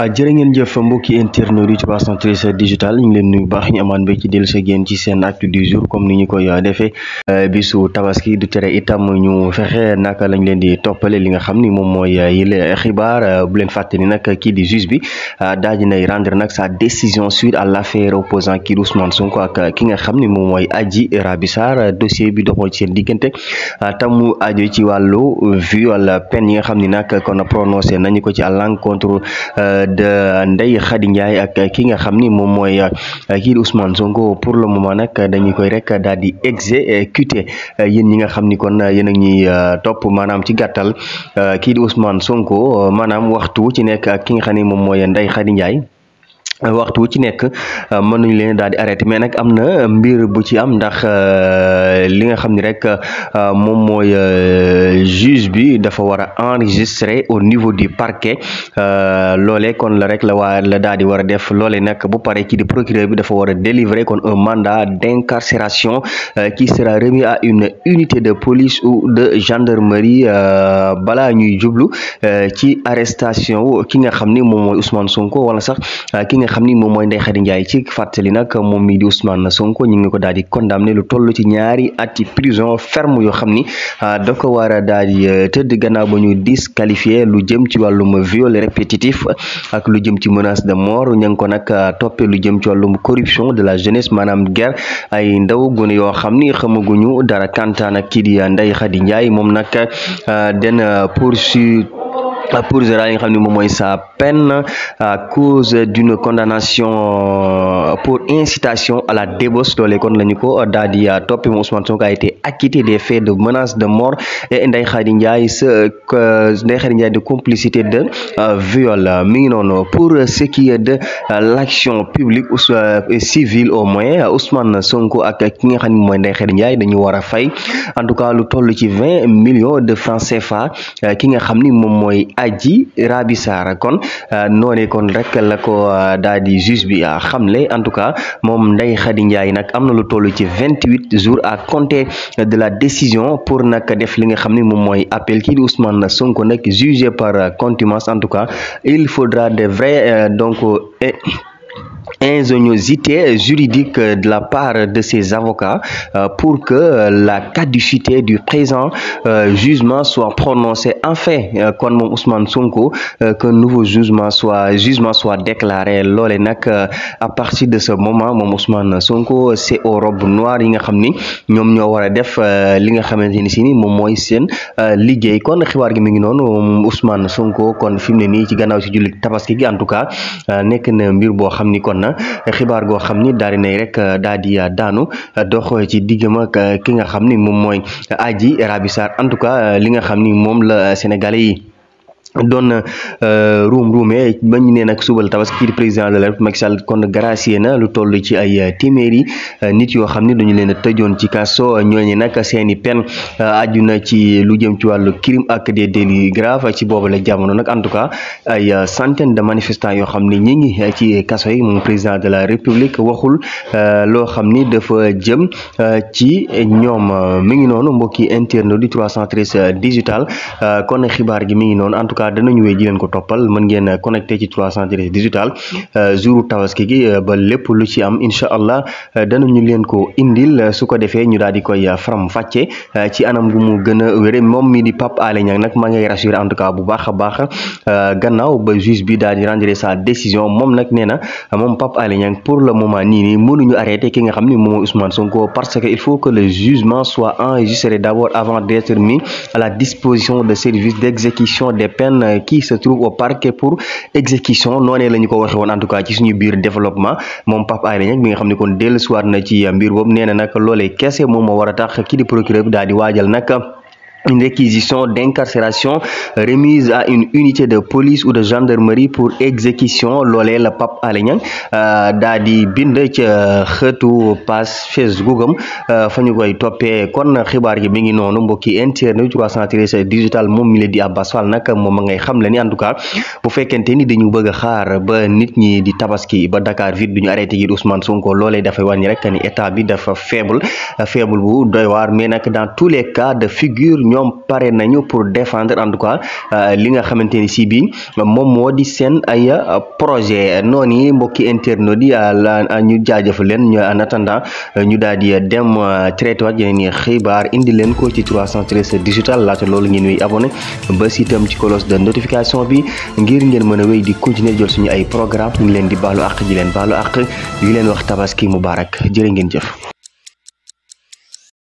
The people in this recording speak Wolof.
Ah, jërë ngeen jëf mbokki internet yi 313 digital ñu leen nuyu baax ñu amaan ba ci dellu sa génn ci seen actu du jour comme ni ñu koy ah, defee eh, bisu tabaski du tere itam ñu fexe naka lañ leen di toppale li nga xam ni moom mooy ah, xibaar bu leen fàtte ni nag kii di juge bi daal di nay rendre nag sa décision suite à l' affaire opposant kii di Ousmane Sonko ak ki nga xam ni moom mooy Adji Raby Sarr dossier bi doxol ci seen diggante tamu aju ci wàllu viol peine yi nga xam ni nag kon prononcé nañu ko ci à l'encontre euh, de Ndeye Khady Ndiaye ak ki nga xam ni moom mooy euh, kii Sonko pour le moment nag dañu koy rek daal di exécuté yéen ñi nga xam ni kon yéen a ñuy euh, topp maanaam ci gàttal euh, kii di Ousmane Sonko maanaam waxtu ci nekk ak ki nga xam ni moom mooy Ndeye Khady Ndiaye waxtu wu ci nekk euh, mënuñu leen daal di arrêté mais nag am na mbir bu ci am ndax euh, li nga xam ni rek euh, moom mooy juge bi dafa war a enregistré au niveau du parquet loole kon la rek la waa la daal di war a def loole nag bu pare kii di procureur bi dafa war a délivrer kon un mandat d'incarcération qui sera remis à une unité de police ou de gendarmerie balaa ñuy jublu ci arrestation ki nga xam ni moom mooy Ousmane wala sax ki nga xam ni moom moy Ndeye Khady Ndiaye ci fàttali nag moom mii di Ousmane Sonko ñu ngi ko daal di condamné lu tollu ci ñaari ati prison ferme yoo xam ni ah, da ko war a daal di eh, tëdd gannaaw ba ñu disqualifié lu jëm ci wàllum viol répétitif ak lu jëm ci menace de mort ña ngi ko nag ah, toppee lu jëm ci wàllum corruption de la jeunesse maanaam guerre ay ndaw gune yoo xam ni xamaguñu dara kantaan ak kii di Ndeye Khady Ndiaye moom nag ah, den poursuite pour général yi nga xam ni moom mooy sa peine a cause d'une condamnation euh, pour incitation à la débauche loolee kon la ko daal di euh, toppee moom Sonko a été acquitté des faits de menace de mort et Ndeye Khady Ndiaye Ndeye Khady Ndiaye de complicité de euh, viol mi ngi noonu pour ce qui est de l'action publique ou civile au moins Ousmane Sonko ak ki nga xam ne mooy Ndeye Khady Ndiaye dañu war a fay en tout cas lu toll ci millions de francs CFA ki nga xam ni moom aji rabi saara kon euh, noonee kon rek la ko euh, daal di juge bi euh, xamle en tout cas moom Ndeye Khady Ndiaye nag am na lu toll ci vingt huit jours à compter de la décision pour nag def li nga xam ne moom mooy appel kii di Ousmane Sonko nag jugé par contumace en tout cas il faudra de vrai donc ingéniosité juridique de la part de ses avocats euh, pour que la caducité du présent euh, jugement soit prononcée enfin kon euh, moom Ousmane Sonko que nouveau jugement soit jugement soit déclaré loole nag à partir de ce moment moom Ousmane Sonko c'est aux noir yi nga xam ni ñoom ñoo war a def li nga xamante ni si ni moom mooy seen liggéey kon xibaar gi mi ngi noonu Ousmane Sonko kon fi mu ne nii ci gannaaw si jullit tabaski gi en tout cas nekk na mbir boo xam ni nekkoon na xibaar goo xam ni daal di nay rek euh, daal di euh, daanu euh, dox ci diggam ak ki nga xam ni moom mooy Adji Raby Sarr en tout cas li nga xam ni moom la sénégalais yi doon euh, ruum ruume ba ñu ne nag subal tabaski kii di président de la République Macky Sall kon gracier na lu toll ci ay euh, téeméeri euh, nit yoo xam ne dañu leen a tëjoon ci kaso ñooñu nag seen i pen ci lu jëm ci wàllu crime ak des délits ci boobu la jamono nag en tout cas ay centaine de manifestants yoo xam ne ñi ngi ci kaso yi moom président de la République waxul loo xam ni dafa jëm ci ñoom mi ngi noonu mbokki internet du 313 digital kon xibaar gi mi ngi noonu en cas danañu wéy ji ko toppal mën ngeen connecté ci 313 digital euh, jouru tabaski gi euh, ba lépp ci am incha allah euh, danañu leen ko indil su defee ñu daal di koy faram fàcce ci anam gu mu gën a moom mi di Pape Alé Niang nag maa ngay rassuré en bu baax a baax gannaaw ba juge bi daal di sa décision moom nag nee na moom Pape Alé Niang pour le moment nii nii mënuñu arrêté nga xam ni moom Ousmane Sonko parce que il faut que le jugement soit naan euh, qui se trouve au parquet pour exécution noonee la ko waxee woon en tout cas ci suñu biir développement moom Pape Alé Niang bi xam ne kon dellusiwaat na ci euh, mbir boobu nee na nag loolee kese moom moo war a tax kii di procureur bi waajal nag une réquisition d'incarcération remise à une unité de police ou de gendarmerie pour exécution loolee la Pape Alé Niang euh, daa di bind ca xëtu page Facebook am euh, fa ñu koy toppee kon xibaar yi mi ngi noonu mbokki interne 313 digital moom mi la di Abass Fall nag moom ma ngay xam la ni en tout cas bu fekkente ni dañu bëgg a xaar ba nit ñi di tabaski ba Dakar vite du ñu arrêté ngir Ousmane Sonko loolee dafay wàññi rek ni état bi dafa faible faible bu doy waar mais nag dans ñoom pare nañu pour défendre en tout cas euh, li nga xamante ni si bi moom moo di seen ay euh, projet noonu mbokki internautes a euh, la ñu jaajëfal leen ñu en attendant ñu daal di dem traité waat ni xibaar indi leen ko ci 313 digital laata loolu ngeen wéy abonné ba si itam ci cloche de notification bi ngir ngeen mën a wéy di continuer jol suñu ay programme ñu ngi leen di baalu àq di leen baalu àq di leen wax tabaski mubaarak jërë ngeen jëf